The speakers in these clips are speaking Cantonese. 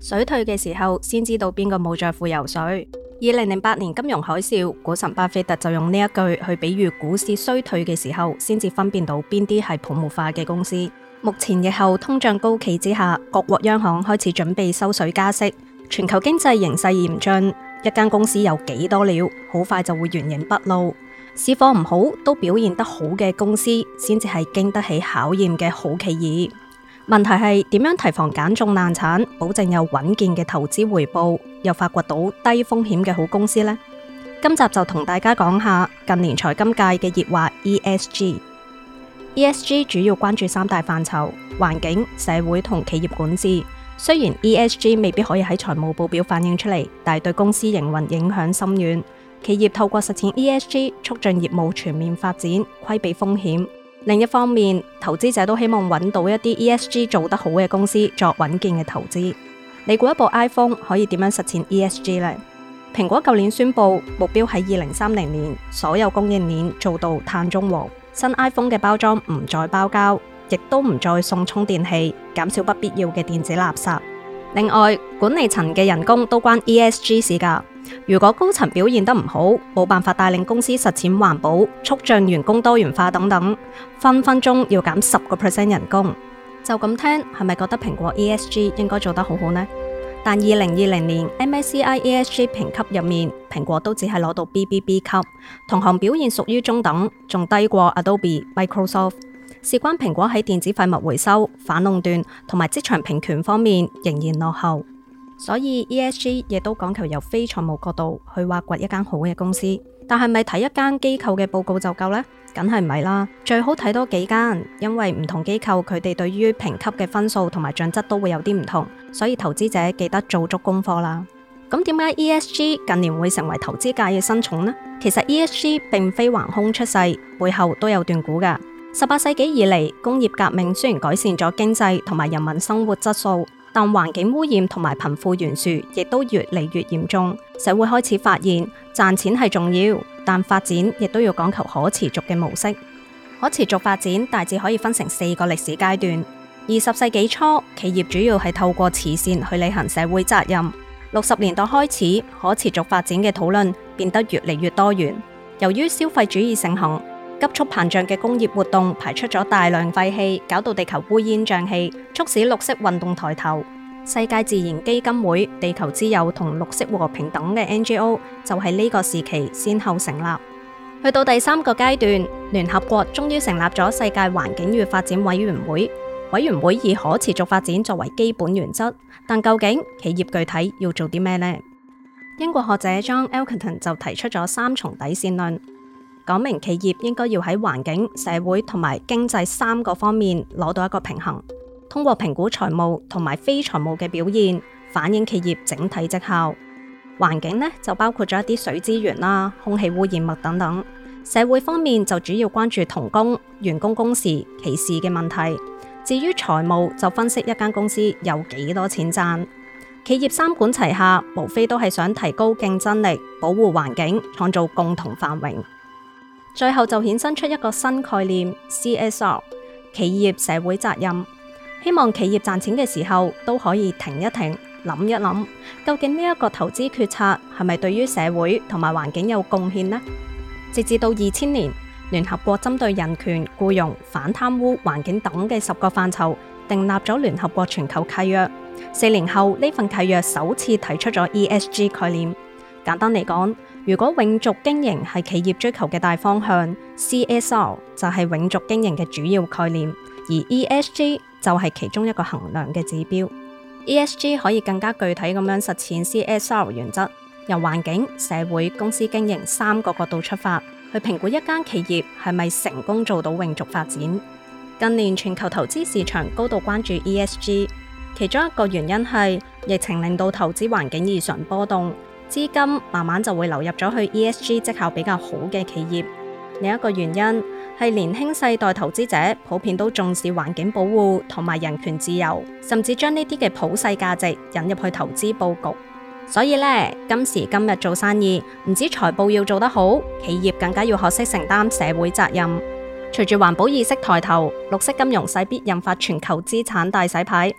水退嘅時候，先知道邊個冇在乎游水。二零零八年金融海嘯，股神巴菲特就用呢一句去比喻股市衰退嘅時候，先至分辨到邊啲係泡沫化嘅公司。目前日後通脹高企之下，各國央行開始準備收水加息，全球經濟形勢嚴峻，一間公司有幾多料，好快就會原形畢露。市況唔好都表現得好嘅公司，先至係經得起考驗嘅好企業。問題係點樣提防揀中難產，保證有穩健嘅投資回報，又發掘到低風險嘅好公司呢？今集就同大家講下近年財金界嘅熱話 E S G。E S G 主要關注三大範疇：環境、社會同企業管治。雖然 E S G 未必可以喺財務報表反映出嚟，但係對公司營運影響深遠。企業透過實踐 E S G，促進業務全面發展，規避風險。另一方面，投資者都希望揾到一啲 ESG 做得好嘅公司作穩健嘅投資。你估一部 iPhone 可以點樣實踐 ESG 呢？蘋果舊年宣布目標喺二零三零年所有供應鏈做到碳中和，新 iPhone 嘅包裝唔再包膠，亦都唔再送充電器，減少不必要嘅電子垃圾。另外，管理層嘅人工都關 ESG 事㗎。如果高層表現得唔好，冇辦法帶領公司實踐環保、促進員工多元化等等，分分鐘要減十個 percent 人工。就咁聽，係咪覺得蘋果 ESG 應該做得好好呢？但二零二零年 MSCI ESG 評級入面，蘋果都只係攞到 BBB 級，同行表現屬於中等，仲低過 Adobe、Microsoft。事關蘋果喺電子廢物回收、反壟斷同埋職場平權方面，仍然落後。所以 ESG 亦都講求由非財務角度去挖掘一間好嘅公司，但係咪睇一間機構嘅報告就夠呢？梗係唔係啦，最好睇多看幾間，因為唔同機構佢哋對於評級嘅分數同埋準則都會有啲唔同，所以投資者記得做足功課啦。咁點解 ESG 近年會成為投資界嘅新寵呢？其實 ESG 並非橫空出世，背後都有段古㗎。十八世紀以嚟，工業革命雖然改善咗經濟同埋人民生活質素。但環境污染同埋貧富懸殊亦都越嚟越嚴重，社會開始發現，賺錢係重要，但發展亦都要講求可持續嘅模式。可持續發展大致可以分成四個歷史階段。二十世紀初，企業主要係透過慈善去履行社會責任。六十年代開始，可持續發展嘅討論變得越嚟越多元，由於消費主義盛行，急速膨脹嘅工業活動排出咗大量廢氣，搞到地球烏煙瘴氣，促使綠色運動抬頭。世界自然基金會、地球之友同綠色和平等嘅 NGO 就喺呢個時期先後成立。去到第三個階段，聯合國終於成立咗世界環境與發展委員會，委員會以可持續發展作為基本原則。但究竟企業具體要做啲咩呢？英國學者 John Elkington 就提出咗三重底線論。講明，企業應該要喺環境、社會同埋經濟三個方面攞到一個平衡。通過評估財務同埋非財務嘅表現，反映企業整體績效。環境呢就包括咗一啲水資源啦、空氣污染物等等。社會方面就主要關注童工、員工工時、歧視嘅問題。至於財務就分析一間公司有幾多錢賺。企業三管齊下，無非都係想提高競爭力，保護環境，創造共同繁榮。最後就衍生出一個新概念 CSR 企業社會責任，希望企業賺錢嘅時候都可以停一停，諗一諗，究竟呢一個投資決策係咪對於社會同埋環境有貢獻呢？直至到二千年，聯合國針對人權、僱傭、反貪污、環境等嘅十個範疇，訂立咗聯合國全球契約。四年後呢份契約首次提出咗 ESG 概念，簡單嚟講。如果永續經營係企業追求嘅大方向，CSR 就係永續經營嘅主要概念，而 ESG 就係其中一個衡量嘅指標。ESG 可以更加具體咁樣實踐 CSR 原則，由環境、社會、公司經營三個角度出發，去評估一間企業係咪成功做到永續發展。近年全球投資市場高度關注 ESG，其中一個原因係疫情令到投資環境異常波動。資金慢慢就會流入咗去 ESG 績效比較好嘅企業。另一個原因係年輕世代投資者普遍都重視環境保護同埋人權自由，甚至將呢啲嘅普世價值引入去投資布局。所以呢，今時今日做生意唔止財報要做得好，企業更加要學識承擔社會責任。隨住環保意識抬頭，綠色金融勢必引發全球資產大洗牌。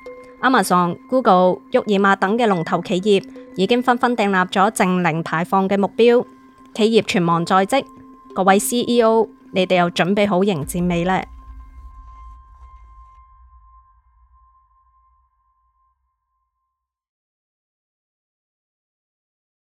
Amazon、Google、沃爾瑪等嘅龍頭企業，已經紛紛訂立咗淨零排放嘅目標，企業存亡在即。各位 CEO，你哋又準備好迎戰未呢？